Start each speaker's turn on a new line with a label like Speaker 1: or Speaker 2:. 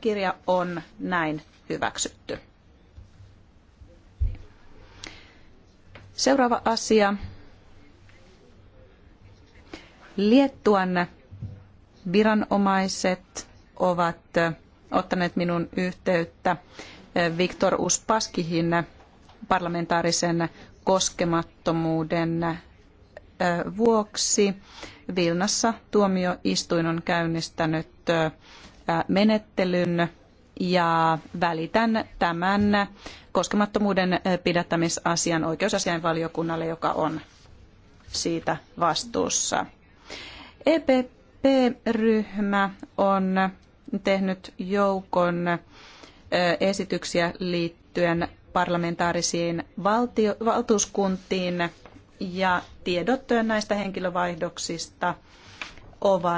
Speaker 1: Kirja on näin hyväksytty. Seuraava asia. Liettuan viranomaiset ovat ottaneet minun yhteyttä Viktor Uspaskihin parlamentaarisen koskemattomuuden vuoksi. Vilnassa tuomioistuin on käynnistänyt menettelyn ja välitän tämän koskemattomuuden pidättämisasian oikeusasiainvaliokunnalle, joka on siitä vastuussa. EPP-ryhmä on tehnyt joukon esityksiä liittyen parlamentaarisiin valtio- valtuuskuntiin ja tiedot näistä henkilövaihdoksista
Speaker 2: ovat